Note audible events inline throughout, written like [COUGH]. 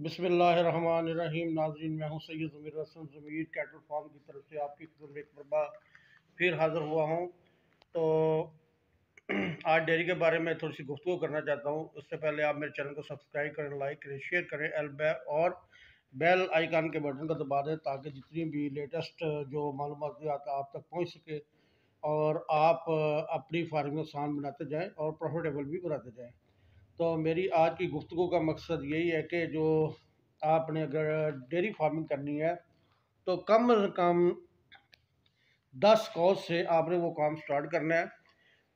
बसमिल नाजरीन मैं हूँ सैद ज़मीर रसन ज़मीर कैटल फार्म की तरफ से आपकी खुद में एक मरबा फिर हाज़िर हुआ हूँ तो [CLEARS THROAT] आज डेयरी के बारे में थोड़ी सी गुफ्तु करना चाहता हूँ उससे पहले आप मेरे चैनल को सब्सक्राइब करें लाइक करें शेयर करें एल बै और बेल आइकान के बटन को दबा दें ताकि जितनी भी लेटेस्ट जो मालूम आप तक पहुँच सके और आप अपनी फार्मिंग आसान बनाते जाएँ और प्रॉफिटेबल भी बनाते जाएँ तो मेरी आज की गुफ्तु का मकसद यही है कि जो आपने अगर डेयरी फार्मिंग करनी है तो कम अज़ कम दस कॉज से आपने वो काम स्टार्ट करना है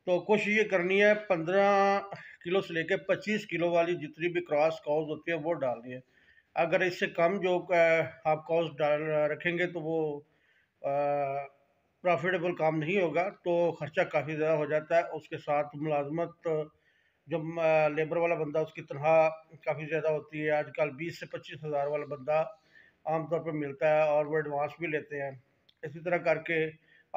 तो कोशिश ये करनी है पंद्रह किलो से लेकर पच्चीस किलो वाली जितनी भी क्रॉस कॉज होती है वो डालनी है अगर इससे कम जो आप कॉज डाल रखेंगे तो वो प्रॉफिटेबल काम नहीं होगा तो ख़र्चा काफ़ी ज़्यादा हो जाता है उसके साथ मुलाजमत जो लेबर वाला बंदा उसकी तनख्वाह काफ़ी ज़्यादा होती है आजकल बीस से पच्चीस हज़ार वाला बंदा आमतौर पर मिलता है और वो एडवांस भी लेते हैं इसी तरह करके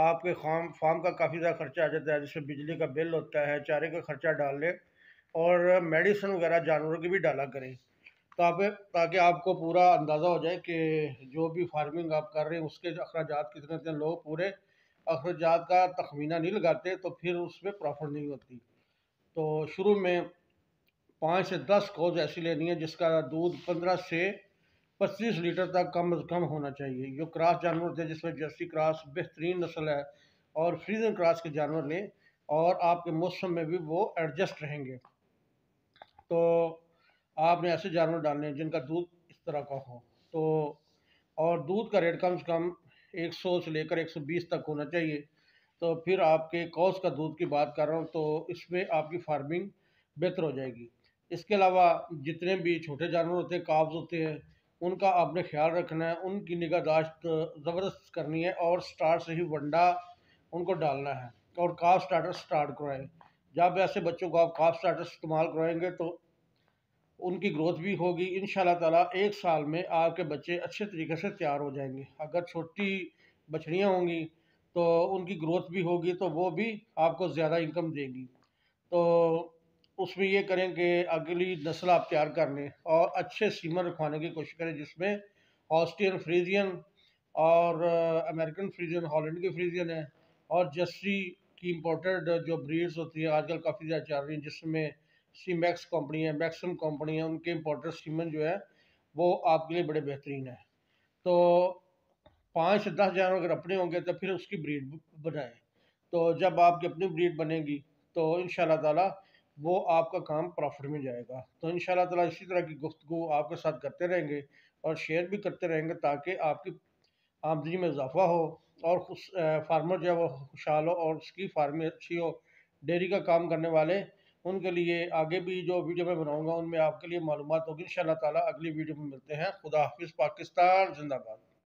आपके फार्म फार्म का काफ़ी ज़्यादा खर्चा आ जाता है जिसमें बिजली का बिल होता है चारे का खर्चा डाल लें और मेडिसिन वगैरह जानवरों की भी डाला करें ताकि तो ताकि आपको पूरा अंदाज़ा हो जाए कि जो भी फार्मिंग आप कर रहे हैं उसके अखराज कितने कितने लोग पूरे अखराज का तखमीना नहीं लगाते तो फिर उसमें प्रॉफिट नहीं होती तो शुरू में पाँच से दस कोज ऐसी लेनी है जिसका दूध पंद्रह से पच्चीस लीटर तक कम अज़ कम होना चाहिए जो क्रास जानवर थे जिसमें जर्सी क्रास बेहतरीन नस्ल है और फ्रीजन क्रास के जानवर लें और आपके मौसम में भी वो एडजस्ट रहेंगे तो आपने ऐसे जानवर डालने जिनका दूध इस तरह का हो तो और दूध का रेट कम से कम 100 से लेकर 120 तक होना चाहिए तो फिर आपके कौस का दूध की बात कर रहा हूँ तो इसमें आपकी फार्मिंग बेहतर हो जाएगी इसके अलावा जितने भी छोटे जानवर होते हैं काब्ज होते हैं उनका आपने ख्याल रखना है उनकी निगाहदाश्त ज़बरदस्त करनी है और स्टार्ट से ही वंडा उनको डालना है और काफ स्टार्टर स्टार्ट कराएं जब ऐसे बच्चों को आप काफ स्टार्टर इस्तेमाल करवाएंगे तो उनकी ग्रोथ भी होगी इन ताला एक साल में आपके बच्चे अच्छे तरीके से तैयार हो जाएंगे अगर छोटी बछड़ियाँ होंगी तो उनकी ग्रोथ भी होगी तो वो भी आपको ज़्यादा इनकम देगी तो उसमें ये करें कि अगली नस्ल आप तैयार कर लें और अच्छे सीमर रखवाने की कोशिश करें जिसमें ऑस्ट्रियन फ्रीजियन और अमेरिकन फ्रीजियन हॉलैंड की फ्रीजियन है और जस्सी की इम्पोर्टेड जो ब्रीड्स होती है आजकल काफ़ी ज़्यादा चल रही हैं जिसमें सी मैक्स कंपनी है मैक्सम कंपनी है उनके इम्पोर्टेड सीमन जो है वो आपके लिए बड़े बेहतरीन है तो पाँच से दस जानवर अगर अपने होंगे तो फिर उसकी ब्रीड बनाएं तो जब आपकी अपनी ब्रीड बनेगी तो इन ताला वो आपका काम प्रॉफिट में जाएगा तो इन ताला इसी तरह की गुफ्तु आपके साथ करते रहेंगे और शेयर भी करते रहेंगे ताकि आपकी आमदनी में इजाफा हो और फार्मर जो है वो खुशहाल हो और उसकी फार्मिंग अच्छी हो डेयरी का काम करने वाले उनके लिए आगे भी जो वीडियो मैं बनाऊंगा उनमें आपके लिए मालूम होगी इन ताला अगली वीडियो में मिलते हैं खुदा हाफिज़ पाकिस्तान जिंदाबाद